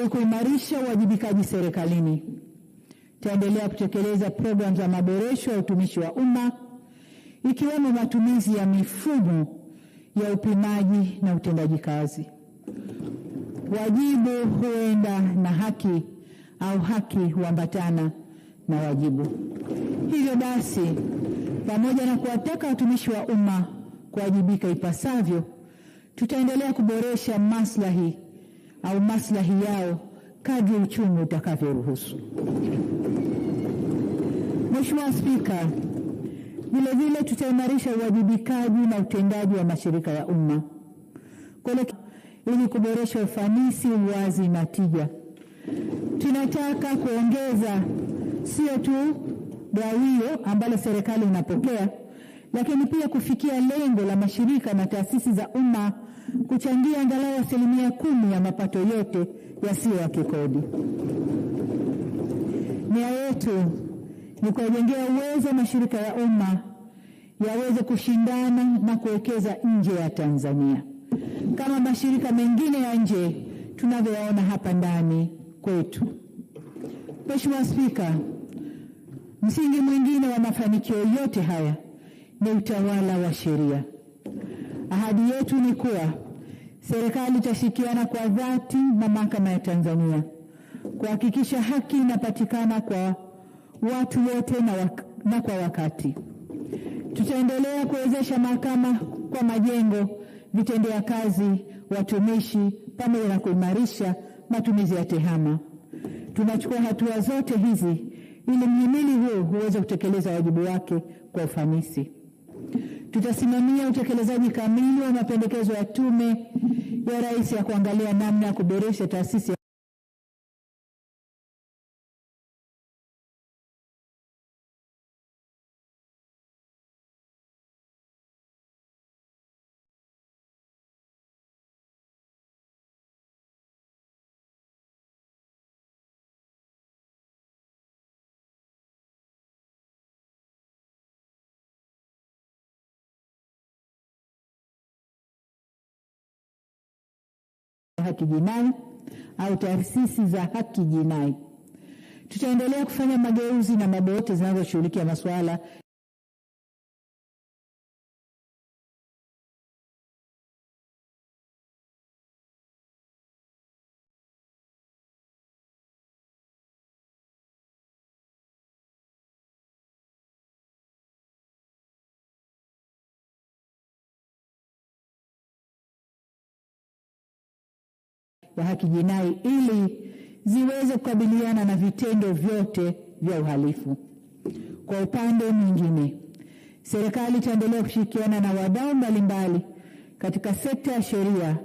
Ili kuimarisha uwajibikaji serikalini, taendelea kutekeleza programu za maboresho ya utumishi wa umma ikiwemo matumizi ya mifumo ya upimaji na utendaji kazi. Wajibu huenda na haki au haki huambatana na wajibu. Hivyo basi, pamoja na kuwataka watumishi wa umma kuwajibika ipasavyo, tutaendelea kuboresha maslahi au maslahi yao kadri uchumi utakavyoruhusu. Mheshimiwa Spika, vilevile tutaimarisha uwajibikaji na utendaji wa mashirika ya umma ili kuboresha ufanisi, uwazi na tija. Tunataka kuongeza sio tu gawio ambalo serikali inapokea, lakini pia kufikia lengo la mashirika na taasisi za umma kuchangia angalau asilimia kumi ya mapato yote yasiyo ya kikodi. Nia yetu ni kuwajengea uwezo mashirika ya umma yaweze kushindana na kuwekeza nje ya Tanzania kama mashirika mengine ya nje tunavyoyaona hapa ndani kwetu. Mheshimiwa Spika, msingi mwingine wa mafanikio yote haya ni utawala wa sheria. Ahadi yetu ni kuwa serikali itashikiana kwa dhati na mahakama ya Tanzania kuhakikisha haki inapatikana kwa watu wote na, wak na kwa wakati. Tutaendelea kuwezesha mahakama kwa majengo, vitendea kazi, watumishi pamoja na kuimarisha matumizi ya TEHAMA. Tunachukua hatua zote hizi ili mhimili huu uweze kutekeleza wajibu wake kwa ufanisi. Tutasimamia utekelezaji kamili wa mapendekezo ya Tume ya Rais ya kuangalia namna ya kuboresha taasisi haki jinai au taasisi za haki jinai. Tutaendelea kufanya mageuzi na mambo yote zinazoshughulikia masuala wa haki jinai ili ziweze kukabiliana na vitendo vyote vya uhalifu. Kwa upande mwingine, serikali itaendelea kushirikiana na wadau mbalimbali katika sekta ya sheria